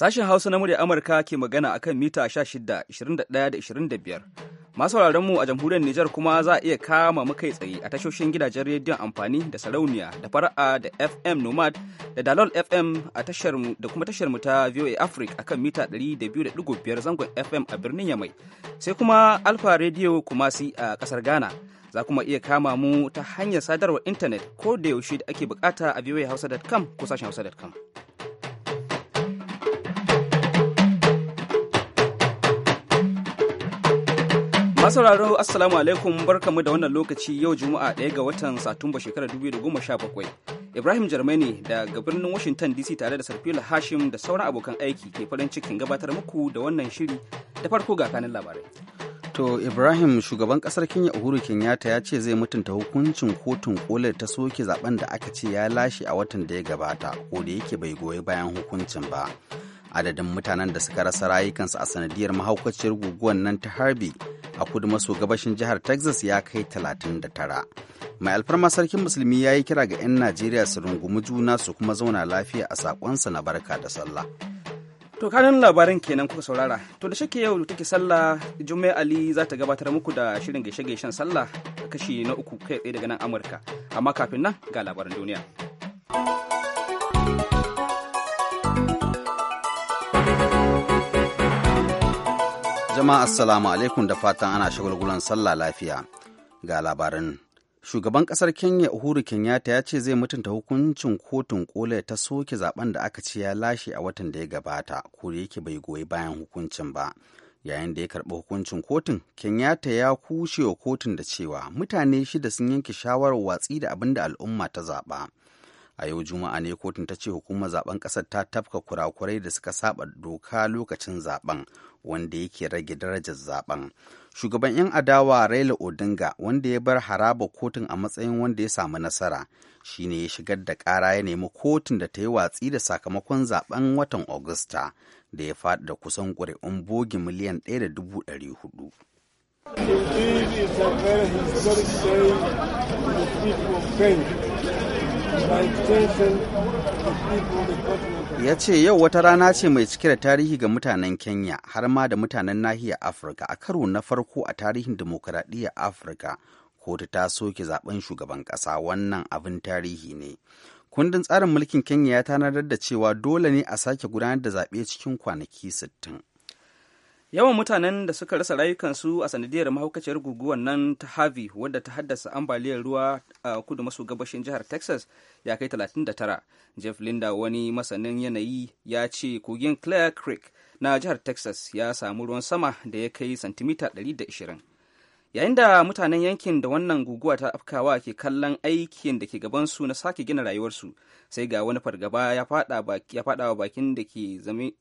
Sashen Hausa na murya Amurka ke magana a kan mita 16, 21 25. Masu mu a jamhuriyar Nijar kuma za a iya kama makai tsaye a tashoshin gidajen rediyon amfani da sarauniya da fara'a da FM Nomad da Dalol FM a tashar da kuma tashar mu ta VOA Africa a kan mita 200.5 zangon FM a birnin Yamai. Sai kuma Alfa Radio Kumasi a kasar Ghana. Za kuma iya kama mu ta hanyar sadarwar intanet ko da yaushe da ake bukata a voahausa.com ko sashen hausa.com. Masauraro Assalamu alaikum barkamu da wannan lokaci yau Juma'a ɗaya ga watan Satumba shekarar 2017. Ibrahim Jarmani ne daga birnin Washington DC tare da Sarfila Hashim da sauran abokan aiki ke farin cikin gabatar muku da wannan shiri da farko ga kanin labarai. To Ibrahim shugaban kasar Kenya Uhuru Kenyatta ya ce zai mutunta hukuncin kotun kolar ta soke zaben da aka ce ya lashe a watan da ya gabata ko da yake bai goyi bayan hukuncin ba. adadin mutanen da suka rasa rayukansu a sanadiyar mahaukaciyar guguwar nan ta harbi a kudu maso gabashin jihar texas ya kai 39 mai alfarma sarkin musulmi ya yi kira ga 'yan najeriya su rungumi juna su kuma zauna lafiya a sakonsa na barka da sallah to kanin labarin kenan kuka saurara to da shake yau da take sallah jummai ali za ta gabatar muku da shirin gaishe-gaishen sallah kashi na uku kai tsaye daga nan amurka amma kafin nan ga labarin duniya Jama'a assalamu alaikum da fatan ana shagulgulan sallah lafiya ga labaran. Shugaban kasar Kenya Uhuru Kenyatta ya ce zai mutunta hukuncin kotun kola ta soke zaben da aka ce ya lashe a watan da ya gabata, ko da yake bai goyi bayan hukuncin ba. Yayin da ya karɓi hukuncin kotun, Kenyatta ya kushe wa kotun da cewa mutane shida sun yanke shawarar watsi da abin da al'umma ta zaɓa. a yau juma'a ne kotun ta ce hukumar zaben kasar ta tafka kurakurai da suka saba doka lokacin zaben wanda yake rage darajar zaben shugaban 'yan adawa raila odinga wanda ya bar haraba kotun a matsayin wanda ya samu nasara shine ya shigar da kara ya nemi kotun da ta yi watsi da sakamakon zaben watan augusta da ya faɗi da kusan ƙuri'un bogi miliyan 1.400 the ya ce yau wata rana ce mai cike da tarihi ga mutanen kenya har ma da mutanen nahiyar afirka a karo na farko a tarihin demokuraɗiyyar afirka kotu ta soke zaben shugaban ƙasa wannan abin tarihi ne kundin tsarin mulkin kenya ya tanadar da cewa dole ne a sake gudanar da zaɓe cikin kwanaki sittin. yawan mutanen da suka rasa rayukansu a sanadiyar mahaukaciyar guguwar nan ta harvey wadda ta haddasa ambaliyar ruwa a kudu maso gabashin jihar texas ya kai 39 jeff linda wani masanin yanayi ya ce kogin clear creek na jihar texas ya samu ruwan sama da ya kai santimita 120 yayin da mutanen yankin da wannan guguwa ta afkawa ke kallon aikin da ke gabansu na sake gina rayuwarsu sai ga wani fargaba ya fada bakin da ke zame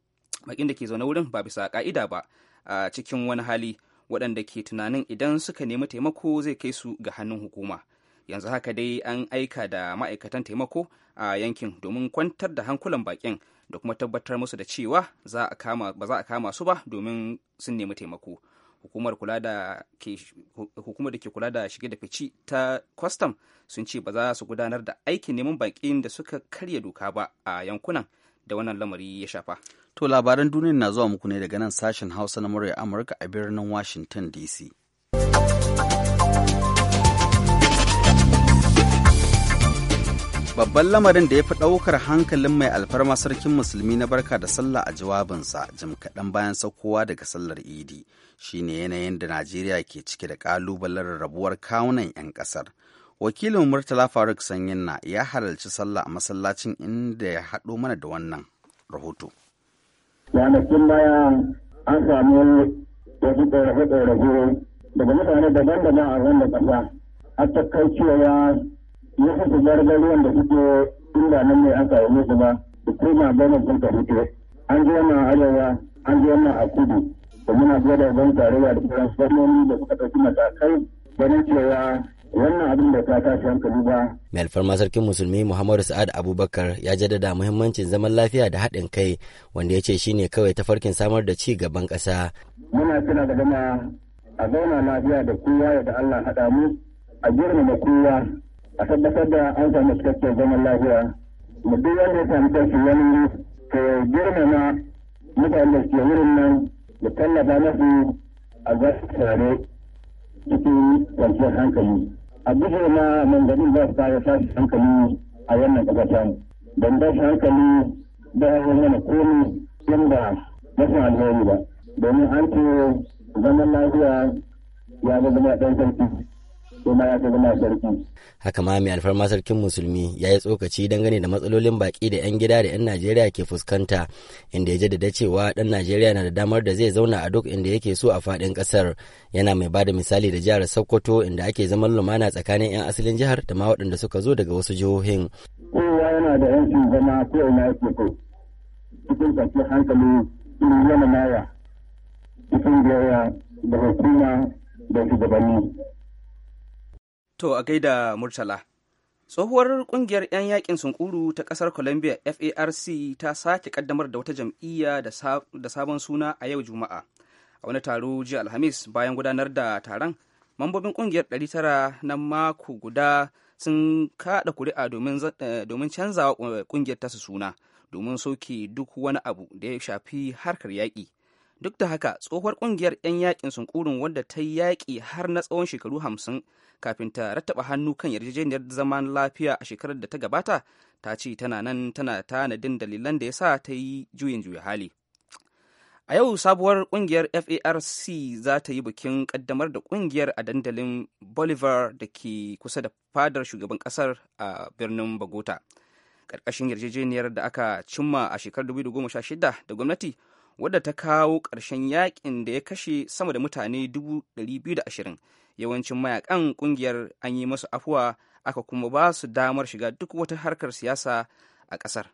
bakin da ke zaune wurin ba bisa ka'ida ba a cikin wani hali waɗanda ke tunanin idan suka nemi taimako zai kai su ga hannun hukuma yanzu haka dai an aika da ma'aikatan taimako a yankin domin kwantar da hankulan bakin da kuma tabbatar musu da cewa ba za a kama su ba domin sun nemi taimako hukumar kula da ke da ke kula da shige da fici ta kwastam sun ce ba za su gudanar da aikin neman bakin da suka karya doka ba a yankunan da wannan lamari ya shafa. To labaran duniya na zuwa muku ne daga nan sashen Hausa na murya Amurka a birnin Washington DC. Babban lamarin da ya fi ɗaukar hankalin mai alfarma sarkin musulmi na barka da sallah a jawabinsa jim kaɗan bayan saukowa daga sallar idi shine yanayin da Najeriya ke cike da ƙalubalen rabuwar kawunan 'yan ƙasar. wakilin murtala faruk sanyinna ya halarci sallah a masallacin inda ya haɗo mana da wannan rahoto ranakin baya an samu wasu ƙorafe-ƙorafe daga mutane daban-daban a wanda ƙasa a ta cewa ya fi su gargaruwan da suke inda nan ne an samu musu ba da kuma gama sun ka fito an ji na arewa an ji na a kudu da muna gwada ban tarayya da kuma sanoni da suka ɗauki matakai ganin cewa wannan abin da ta tashi hankali ba. Mai alfarma sarkin musulmi Muhammadu Sa'ad Abubakar ya jaddada muhimmancin zaman lafiya da haɗin kai wanda ya ce shi ne kawai tafarkin samar da ci gaban ƙasa. Muna kira da gama a zauna lafiya da kowa ya da Allah haɗa mu a girmama kowa a tabbatar da an samu cikakken zaman lafiya. Mu duk wanda ya samu kansu wani ke girmama mutanen da ke wurin nan da tallafa su a zasu tare cikin kwanciyar hankali. a na manganin ba su kare tashi hankali a wannan ƙasa ban tashi hankali da hawa mana komi yadda rashin alheri ba domin an ce zaman lafiya ya zama ɗan sarki ya zama sarki. Haka ma mai alfarma sarkin musulmi ya yi tsokaci dangane da matsalolin baki da 'yan gida da 'yan Najeriya ke fuskanta inda ya da cewa ɗan Najeriya na da damar da zai zauna a duk inda yake so a fadin ƙasar. Yana mai ba da misali da jihar Sokoto inda ake zaman lumana tsakanin 'yan asalin jihar da ma waɗanda suka zo daga wasu jihohin. Kowa yana da 'yancin zama ko ina yake so. Cikin kwanciyar hankali irin yana maya. Cikin da hukuma da shugabanni. To a gaida Murtala. Tsohuwar ƙungiyar 'yan yakin sunkuru ta ƙasar Colombia FARC ta sake kaddamar da wata jam'iyya da sabon suna a yau Juma'a. A wani taro jiya Alhamis bayan gudanar da taron, mambobin kungiyar 900 na mako guda sun kada kuri'a domin eh, canzawa kungiyar tasu suna domin soke duk wani abu da ya shafi harkar yaƙi. duk da haka tsohuwar kungiyar 'yan yakin sunkurin wanda ta yi yaƙi har na tsawon shekaru hamsin kafin ta rattaba hannu kan yarjejeniyar zaman lafiya a shekarar da ta gabata ta ce tana nan tana tanadin dalilan da ya sa ta yi juyin juya hali a yau sabuwar kungiyar farc za ta yi bikin kaddamar da kungiyar a dandalin bolivar da ke kusa da fadar shugaban kasar a birnin bogota ƙarƙashin yarjejeniyar da aka cimma a shekarar 2016 da gwamnati wadda ta kawo ƙarshen yakin da ya kashe sama da mutane 220 yawancin mayakan ƙungiyar an yi masu afuwa aka kuma ba su damar shiga duk wata harkar siyasa a ƙasar.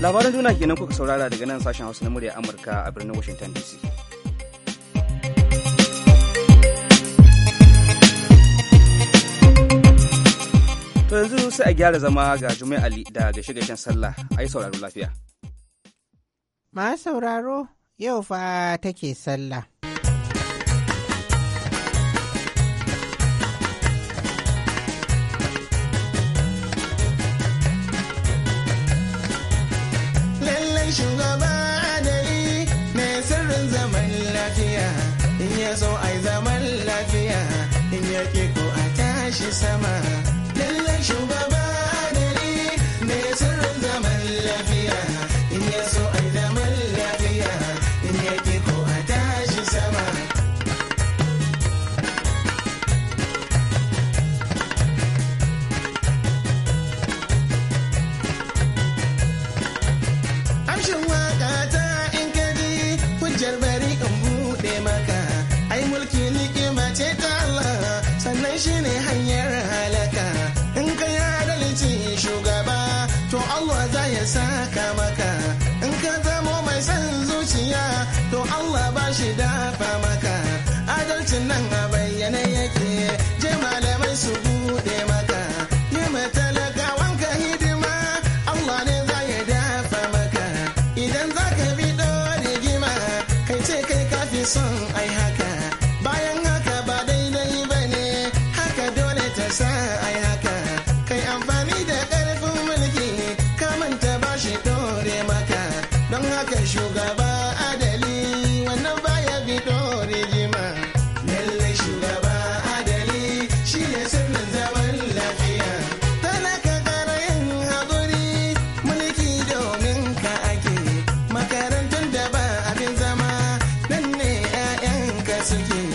labaran duniya kenan kuka saurara daga nan sashen hausa na murya amurka a birnin washington dc To yanzu sai a gyara zama ga Jumai Ali da gashe-gashen sallah a yi sauraro lafiya. Ma sauraro yau fa take sallah. does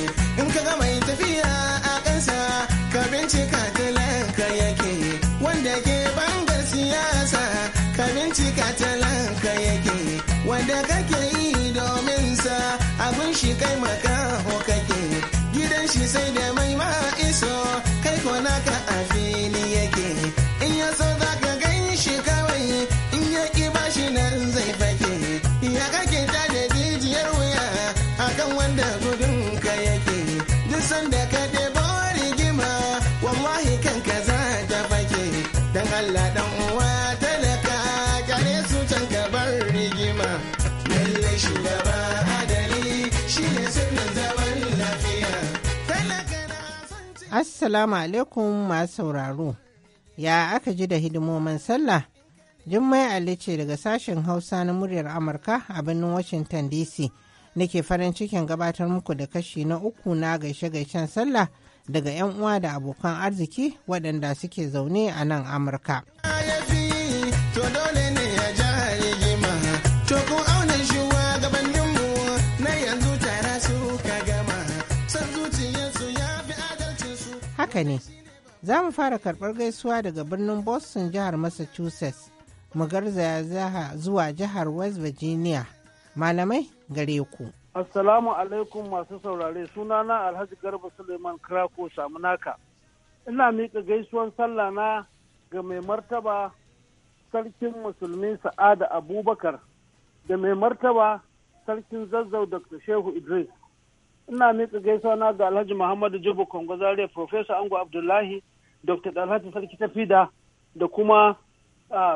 Assalamu alaikum masu sauraro. Ya aka ji da hidimomin sallah? Jummai Ali ce daga sashen Hausa na muryar Amurka a birnin Washington DC. Nake farin cikin gabatar muku da kashi na uku na gaishe-gaishen sallah daga 'yan uwa da abokan arziki waɗanda suke zaune a nan Amurka. haka ne za mu fara karɓar gaisuwa daga birnin boston jihar massachusetts mu garzaya zuwa jihar west virginia malamai gare ku assalamu alaikum masu saurare sunana alhaji garba suleiman krako samunaka ina miƙa gaisuwan sallah na ga mai martaba sarkin musulmi sa'ada abubakar da mai martaba sarkin zazzau dr shehu idris ina miƙa gaisuwa na ga alhaji muhammadu jibo kongo zaria profesa ango abdullahi dr dalhati sarki tafida da kuma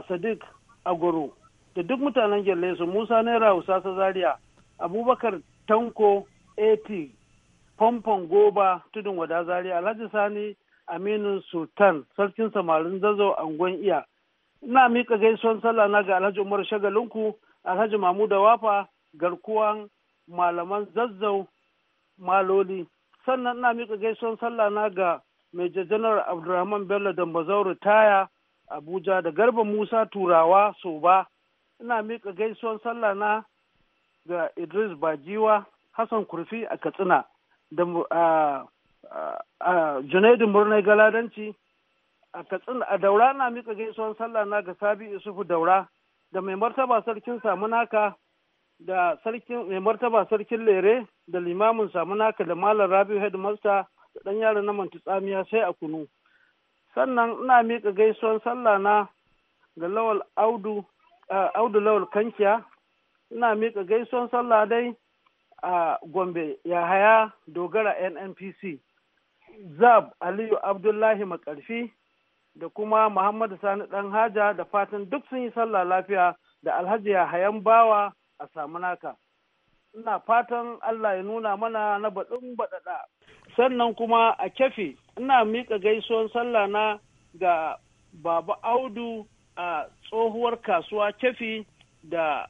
sadiq agoro da duk mutanen gyalle su musa naira ta zaria abubakar tanko 80 famfon goba tudun wada zaria alhaji sani aminu sultan sarkin samarin zazo angon iya ina miƙa gaisuwan sallah na ga alhaji umar shagalinku alhaji mahmud wafa garkuwan malaman zazzau maloli sannan ina miƙa gaisuwan sallah na ga major general abdulrahman bello da dambazauru taya abuja da garba musa turawa soba ina miƙa gaisuwan sallah na ga idris bajiwa hassan kurfi a katsina da junaidu murnai galadanci a katsina a daura na mika gaisuwan sallah na ga sabi isufu daura da mai martaba sarkin samunaka da sarkin mai martaba sarkin lere da limamin samunaka da malam rabiu headmaster da ɗan yaro na mantutsamiya sai a kunu sannan ina miƙa gaisuwan sallah na ga lawal audu ah, audu lawal kankiya ina miƙa gaisuwan sallah dai a gombe yahaya dogara nnpc zab aliyu abdullahi makarfi da kuma muhammadu sani ɗan haja da fatan duk sun yi sallah lafiya da alhaji yahayan bawa a samunaka ina fatan Allah ya nuna mana na baɗin baɗaɗa. Sannan kuma a kyafe ina miƙa gaisuwan sallah na ga Baba Audu a tsohuwar kasuwa kyafe da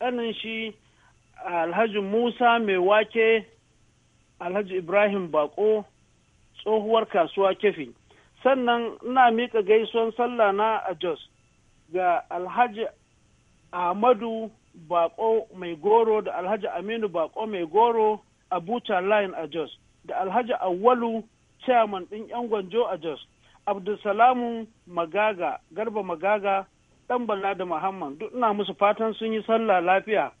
ƙanin shi Alhaji Musa mai wake Alhaji Ibrahim Bako tsohuwar kasuwa kefe Sannan ina miƙa gaisuwan sallah na a Jos ga Alhaji Ahmadu bako mai goro da alhaji aminu bako mai goro a buta line a jos da alhaji awwalu chairman ɗin yan gwanjo a jos abdulsalamu magaga garba magaga dan bala da muhammad duk ina musu fatan sun yi sallah lafiya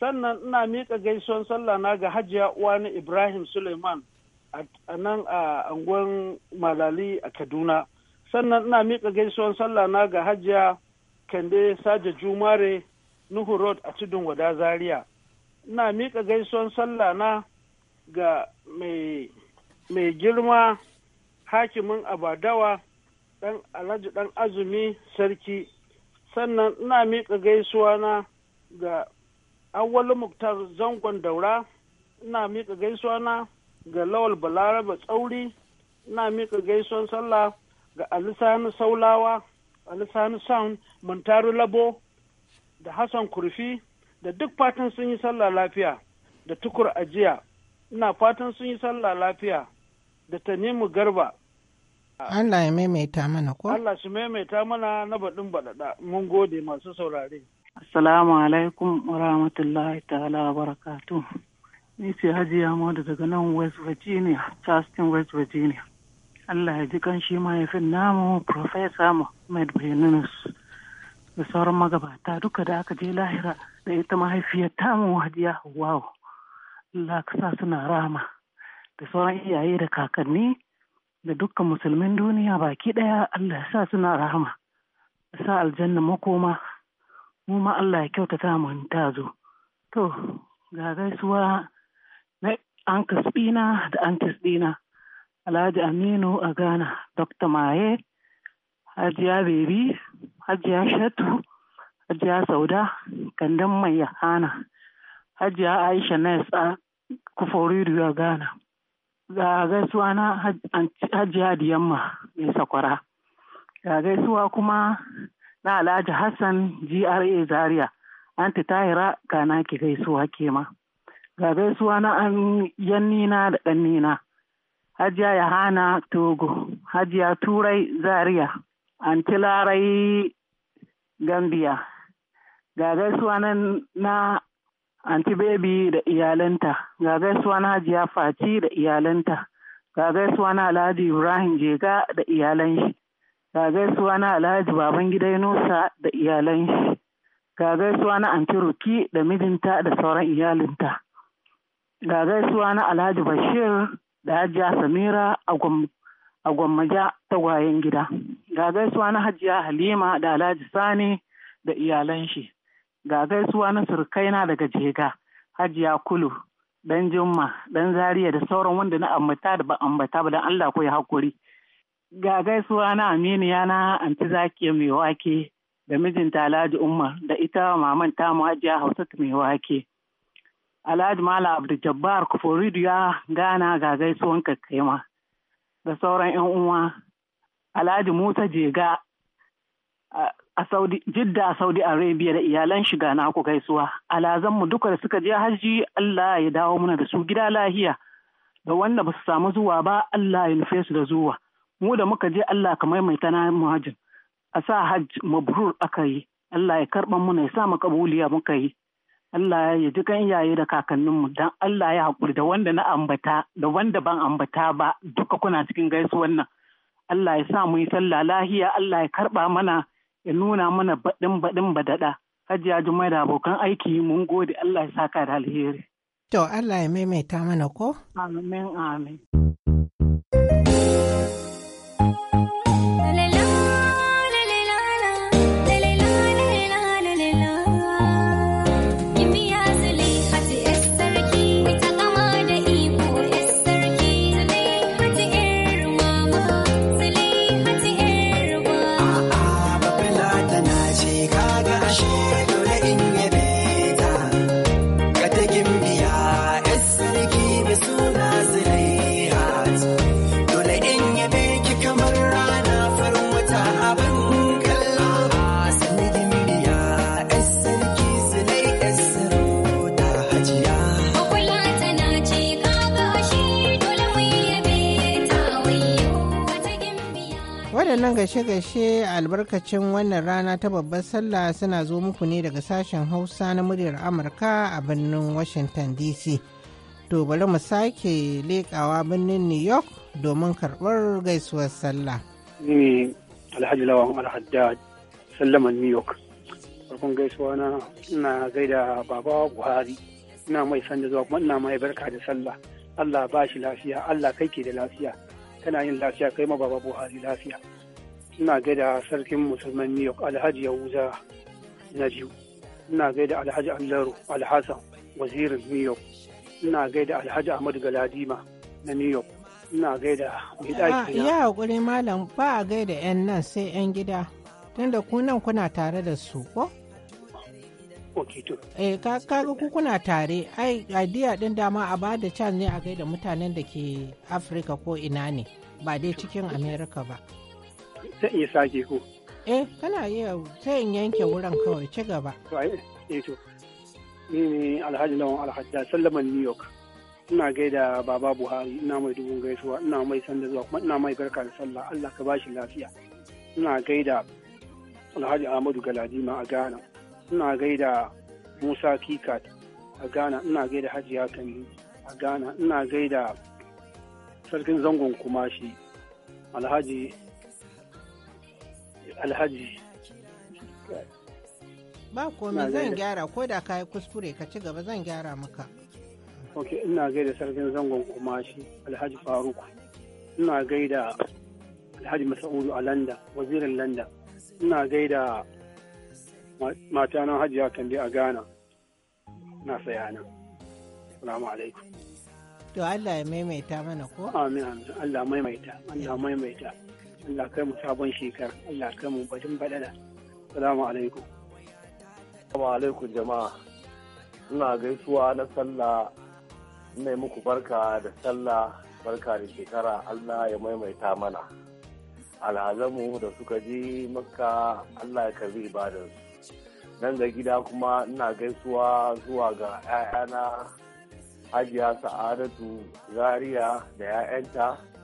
sannan ina miƙa gaisuwan sallah na ga hajiya uwani ibrahim suleiman a nan a angon malali a kaduna sannan ina miƙa gaisuwan sallah na ga hajiya kande saja jumare nuhu road a tudun wada zaria ina miƙa gaisuwan sallah na ga mai girma hakimin abadawa ɗan alhaji ɗan azumi sarki sannan ina miƙa gaisuwa na ga awwalu muktar zangon daura ina miƙa gaisuwa na ga lawal balaraba tsauri ina miƙa gaisuwan sallah ga alisani saulawa alisani sound muntaru labo da Hassan Kurfi da duk fatan sun yi sallah lafiya da tukur ajiya ina fatan sun yi sallah lafiya da tanimu garba Allah ya maimaita mana ko? Allah su maimaita mana na baɗin baɗaɗa mun gode masu saurare. Assalamu alaikum wa rahmatullahi ta'ala wa barakatu. Ni ce Hajiya mada daga nan West Virginia, Charleston, West Virginia. Allah ya ji kan shi mahaifin namu Profesa Ahmed Benunus. da sauran magabata duka da aka je lahira da ita mahaifiyar mu hadiya wow Allah sa suna rama da sauran iyaye da kakanni da dukkan musulmin duniya baki ɗaya Allah sa suna rahama sa aljanna makoma mu ma Allah ya kyautata mu ta zo to ga gaisuwa na an ɗina da an ɗina Alhaji Aminu a Ghana, Dr. Maye, Hajiya Bebi, hajiya shatu hajiya sauda gandan mai yahana hajiya aisha na yasa kuforiru ya gana ga gaisuwa na hajiya diyamma mai sakwara ga gaisuwa kuma na alhaji hassan gra zaria anti tahira ga na ki gaisuwa ke ma ga gaisuwa na an yannina da ɗannina hajiya yahana togo hajiya turai zaria anti larai Gambia. Ga gaisuwa na anti baby da iyalanta, ga gaisuwa na hajiya faci da iyalanta, ga gaisuwa na Alhaji Ibrahim Jega da iyalan shi, ga gaisuwa na Alhaji Gidai Nusa da iyalan shi, ga gaisuwa na anti Ruki da mijinta da sauran iyalinta. Ga gaisuwa na Alhaji Bashir da Hajiya Samira a Gwammaja gwayen gida. ga gaisuwa na hajiya halima da alhaji sani da iyalan shi ga gaisuwa na surkaina daga jega hajiya kulu dan jumma dan zariya da sauran wanda na ambata da ba ambata ba dan allah ko ya hakuri ga gaisuwa na aminiya na anti zakiya mai wake da mijinta alhaji umar da ita maman mu hajiya Hausa mai wake Alhaji Mala abdu jabbar Kufuridu ya gana ga gaisuwan kakkaima da sauran 'yan uwa Alhaji Musa Jega a Saudi Jidda Saudi Arabia da iyalan shiga na ku gaisuwa. Alazan mu duka da suka je hajji Allah ya dawo muna da su gida lahiya. Da wanda ba su samu zuwa ba Allah ya nufe su da zuwa. Mu da muka je Allah ka maimaita na muhajin. A sa hajj mabrur aka yi. Allah ya karban muna ya sa makabuliya muka yi. Allah ya ji kan yaye da kakanninmu don Allah ya haƙuri da wanda na ambata da wanda ban ambata ba duka kuna cikin gaisuwan nan. Allah ya sa mu yi sallah lahiya Allah ya karɓa mana ya nuna mana baɗin baɗin badaɗa. Hajiya jumai da abokan aiki mun gode Allah ya saka da alheri. To Allah ya maimaita mana ko? Amin amin. waɗannan gashe gashe albarkacin wannan rana ta babbar sallah suna zo muku ne daga sashen hausa na muryar amurka a birnin washington dc to bari mu sake leƙawa birnin new york domin karɓar gaisuwar sallah ne alhaji lawan alhaddad sallaman new york farkon gaisuwa na ina gaida baba buhari ina mai sanda zuwa kuma ina mai barka da sallah allah ba shi lafiya allah kai ke da lafiya kana yin lafiya kai ma baba buhari lafiya ina gaida sarkin musulman new york alhaji yahuza na ina gaida alhaji allaro alhassan wazirin new york ina gaida alhaji ahmad galadima na new york ina gaida mai ah, ɗaki na ya haƙuri malam ba a gaida 'yan nan sai 'yan gida tunda ku nan kuna tare da su ko Eh ka kaga ku kuna tare ai idea din dama a ba da can ne a gaida mutanen da ke Afirka ko ina ne ba dai cikin america ba. zai iya sake ko eh kana iya sai in yanke wurin kawai ci gaba to ai eh to ni ne alhaji lawan alhajja sallaman new york ina gaida baba buhari ina mai dubu gaisuwa ina mai sanda zuwa kuma ina mai barka da sallah allah ka bashi lafiya ina gaida alhaji ahmadu galadima a ghana ina gaida musa kikat a ghana ina gaida hajiya kani a ghana ina gaida sarkin zangon kumashi alhaji alhaji ba komai zan gyara ko da ka yi kuskure ka ci gaba zan gyara maka ok ina gaida sarkin zangon kuma shi alhaji faruk ina gaida alhaji masa'udu a landa wazirin landa ina gaida matanan hajiya kan a ghana na sayana salamu alaikum to allah ya maimaita mana ko amin amin allah maimaita allah maimaita Allah kai mu sabon shekara Allah kai mu bajin badada salamu alaikum salamu alaikum jama'a ina gaisuwa na sallah ina muku barka da sallah barka da shekara Allah ya maimaita mana alhazanmu da suka ji maka Allah ya karbi ibadarsu nan ga gida kuma ina gaisuwa zuwa ga 'ya'yana hajiya sa'adatu zaria da 'ya'yanta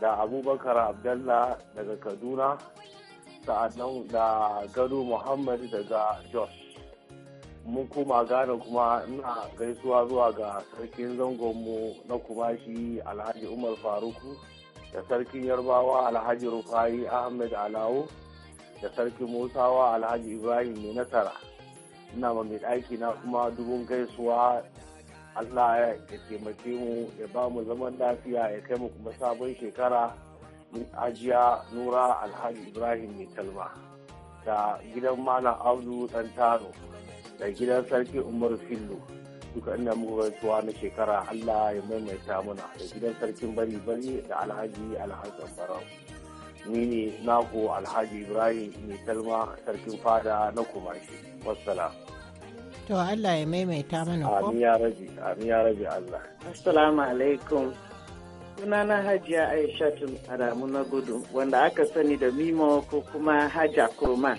da abubakar abdalla daga kaduna sa'annan da gado muhammad daga jos mun kuma gane kuma ina gaisuwa zuwa ga sarkin zangonmu na kumashi alhaji umar faruku da sarkin yarbawa alhaji rufai ahmed alawo da sarkin musawa alhaji ibrahim na nasara ina ma mai ɗaki na kuma dubun gaisuwa Allah ya taimake mu ya ba mu zaman lafiya ya kai mu kuma sabon shekara ajiya nura alhaji ibrahim mai talma da gidan malam abdu dan taro da gidan sarki umar Fillu, duka ina mugantuwa na shekara allah ya maimaita mana da gidan sarkin bari bari da alhaji alhassan barau ni ne nako alhaji ibrahim mai talma sarkin fada na kumashi wassalam To Allah ya maimaita mana ko? Amin ya rabi, amin ya rabi Allah. Assalamu alaikum. Sunana Hajiya Aishatu Adamu na gudu wanda aka sani da Mimo ko kuma Hajiya Kurma.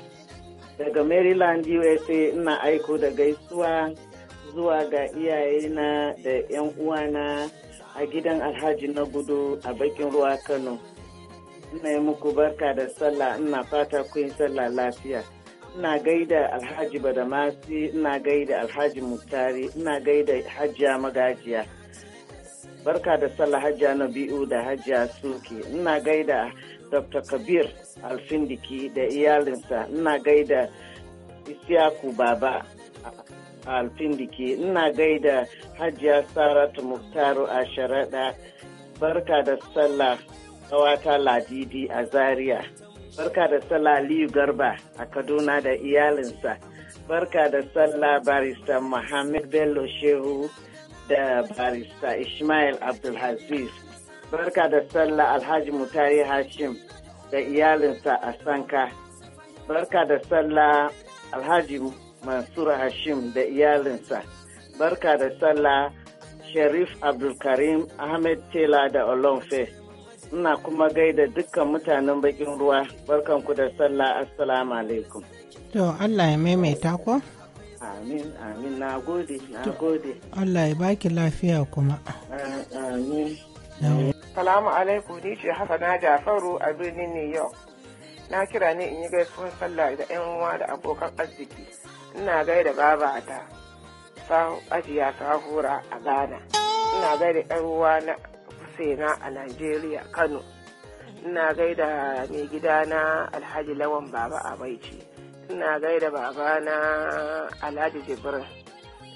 Daga Maryland USA ina aiko da gaisuwa zuwa ga iyayena da 'yan uwana a gidan Alhaji na gudu a bakin ruwa Kano. Ina yi muku barka da sallah ina fata kun sallah lafiya. ina gaida alhaji badamasi ina gaida alhaji muktari ina gaida hajiya magajiya barka da sallah hajiya nabi'u da hajiya suki ina gaida dr kabir alfindiki da iyalinsa ina gaida isiyaku baba alfindiki ina gaida hajiya saratu muktaru a sharaɗa barka da sallah kawata ladidi a zaria barka da sallah aliyu garba a kaduna da iyalinsa barka da sallah barista muhammad bello shehu da barista ismail abdulhaziz barka da sallah alhaji mutari hashim da iyalinsa a sanka barka da sallah alhaji mansur hashim da iyalinsa barka da sallah sharif abdulkarim ahmed tela da olonfe ina kuma gaida dukkan mutanen bakin ruwa barkan ku da sallah assalamu alaikum to Allah ya maimaita ko amin amin na gode na gode Allah ya baki lafiya kuma amin salamu alaikum ni ce haka na jafaru a birnin new york na kira ne in yi gaisuwar sallah da yan uwa da abokan arziki ina gaida ta sahu ajiya sahura a ghana ina gaida yan uwa na na a Najeriya Kano. Ina gaida mai gidana Alhaji Lawan Baba a baici Ina gaida babana Alhaji Jibrin.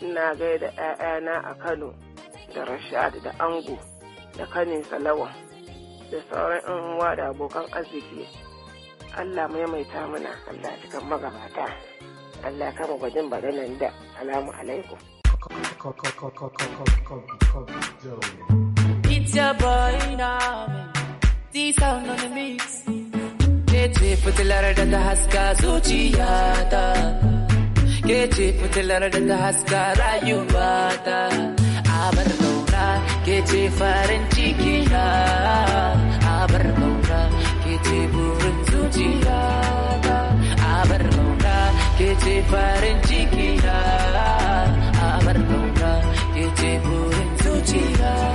Ina gaida ‘ya'yana a Kano da Rashad da Ango da Kanin Salawan da sauran ‘yan uwa da abokan arziki. Allah maimaita mana Allah cikin magabata. Allah kama gwajin badanan da. Salamu alaikum. It's your boy now. This sound on the mix. Gece fıtılara da da haska zuciyata. Gece fıtılara da da haska rayuwata. Abar kaura gece farin ciki na. Abar kaura gece burin zuciyata. Abar kaura gece farin ciki na. Abar kaura gece burin zuciyata.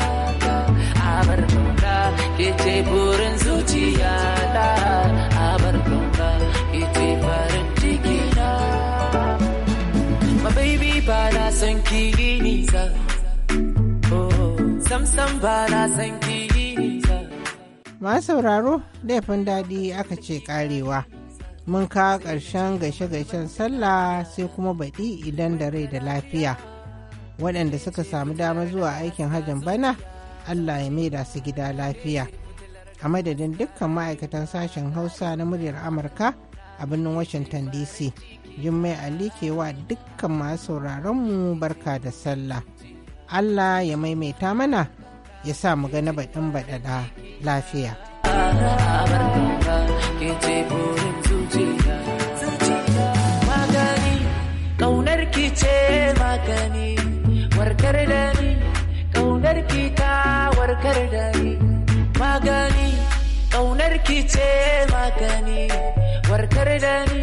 ita burin zuciya da abar ɗauka ita farin ciki na ma baby ba na son kiyi nisa oh, sam ba na son kiyi nisa ma sauraro laifin daɗi aka ce karewa mun ka ƙarshen gaishe-gaishen sallah sai kuma baɗi idan da rai da lafiya waɗanda suka samu dama zuwa aikin hajjin bana allah ya maida su gida lafiya a madadin dukkan ma'aikatan sashen hausa na muryar amurka a birnin washington dc jummai ali ke wa dukkan masu sauraronmu barka da sallah allah ya maimaita mana ya sa mu ga na baɗin baɗaɗa lafiya Ƙaunar magani ki ce magani warkar da ni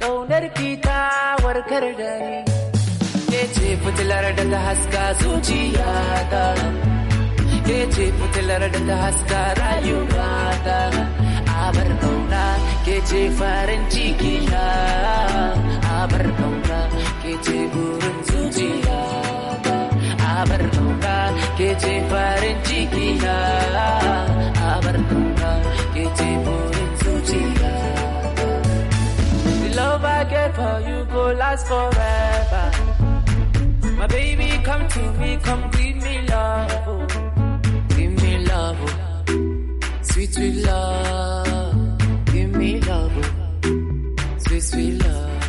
ƙaunar ki ta warkar da ni ke ce fitilar da ta haska zuciya ta ke ce fitilar da ta haska rayuwa ta abar ƙauna ke ce farin ciki abar ƙauna ke ce burin zuciya Abernungal The love I get for you go last forever My baby come to me, come give me love oh. Give me love, oh. sweet sweet love Give me love, oh. sweet sweet love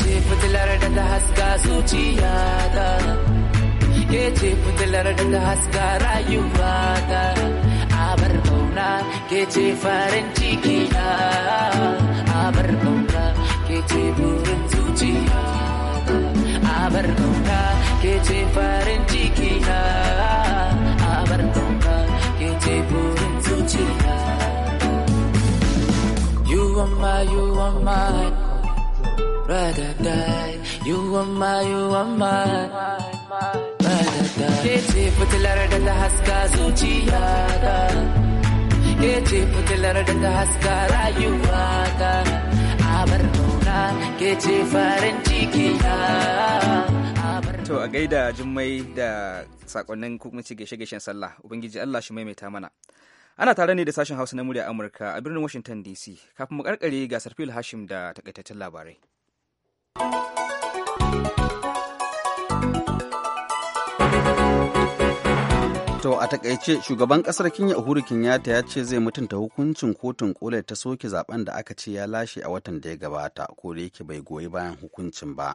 ചെപ്പത്തിലരടണ്ട ഹസ്ക സൂചിയാത ഏ ചെപ്പത്തിലരടണ്ട ഹസ്കാരായുവാത അവർ തോണ കെ ചെ ഫരൻ ചിക്കിയ അവർ തോണ കെ ചെ പൂരൻ സൂചിയാത അവർ തോണ കെ ചെ ഫരൻ ചിക്കിയ അവർ തോണ കെ ചെ പൂരൻ സൂചിയാത You are my, you are my rather die. You want my, you want mine. Rather die. Ke ce fitilar da ta haska zuciya ta. Ke ce fitilar da ta haska rayuwa ta. Abar nuna ke ce farin ciki To a gaida jummai da sakonnin kuma ci gaishe-gaishen sallah Ubangiji Allah shi maimaita mana. Ana tare ne da sashen Hausa na murya Amurka a birnin Washington DC kafin mu karkare gasar Phil Hashim da takaitaccen labarai. To a takaice shugaban kasar Kenya Uhuru Kenyatta ya ce zai mutunta hukuncin kotun kola ta soke zaben da aka ce ya lashe a watan da ya gabata ko da yake bai goyi bayan hukuncin ba.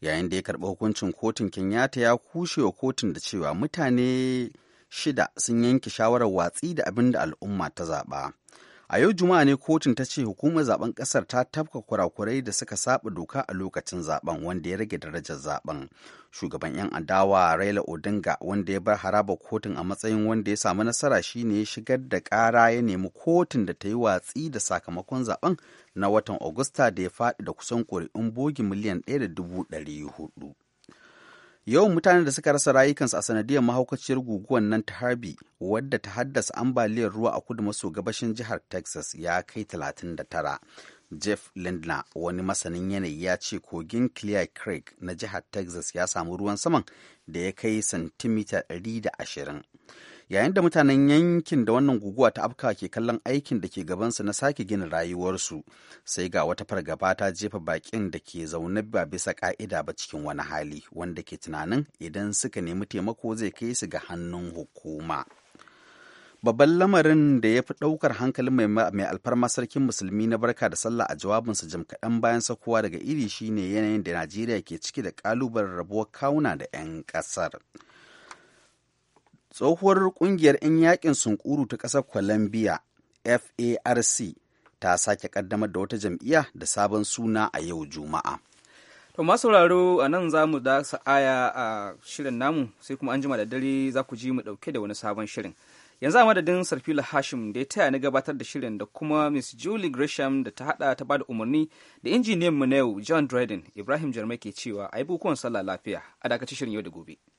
Yayin da ya karɓi hukuncin kotun Kenyatta ya kushe wa kotun da cewa mutane shida sun yanke shawarar watsi da abin da al'umma ta zaɓa. a yau juma'a ne kotun ta ce hukumar zaben kasar ta tafka kurakurai da suka saba doka a lokacin zaben wanda ya rage darajar zaben shugaban yan adawa raila odinga wanda ya bar haraba kotun a matsayin wanda ya samu nasara shine ya shigar da kara ya nemi kotun da ta yi watsi da sakamakon zaben na watan agusta da ya faɗi da kusan ƙuri'un bogi miliyan ɗaya da dubu ɗari hudu yawan mutanen da suka rasa rayukansu a sanadiyar mahaukaciyar guguwar nan ta harbi wadda ta haddasa ambaliyar ruwa a kudu maso gabashin jihar texas ya kai 39 jeff lindner wani masanin yanayi ya ce kogin clear creek na jihar texas ya samu ruwan saman da ya kai santimita 120 yayin da mutanen yankin da wannan guguwa ta afka ke kallon aikin da ke gabansu na sake gina rayuwarsu sai ga wata fargaba ta jefa bakin da ke zaune ba bisa ka'ida ba cikin wani hali wanda ke tunanin idan suka nemi taimako zai kai su ga hannun hukuma babban lamarin da ya fi ɗaukar hankalin mai alfarma sarkin musulmi na barka da sallah a jawabinsa jim kaɗan bayan sakowa daga iri shine yanayin da najeriya ke ciki da ƙalubalen rabuwar kawuna da 'yan ƙasar. tsohuwar kungiyar 'yan yakin sunkuru ta ƙasar colombia farc ta sake kaddamar da wata jam'iyya da sabon suna a yau juma'a to masu sauraro a nan za mu da aya a shirin namu sai kuma an jima da dare za ku ji mu dauke da wani sabon shirin yanzu a madadin sarfila hashim da ya taya na gabatar da shirin da kuma miss julie gresham da ta hada ta bada umarni da injiniyan mu na yau john dryden ibrahim jarmai ke cewa a yi bukuwan sallah lafiya a dakacin shirin yau da gobe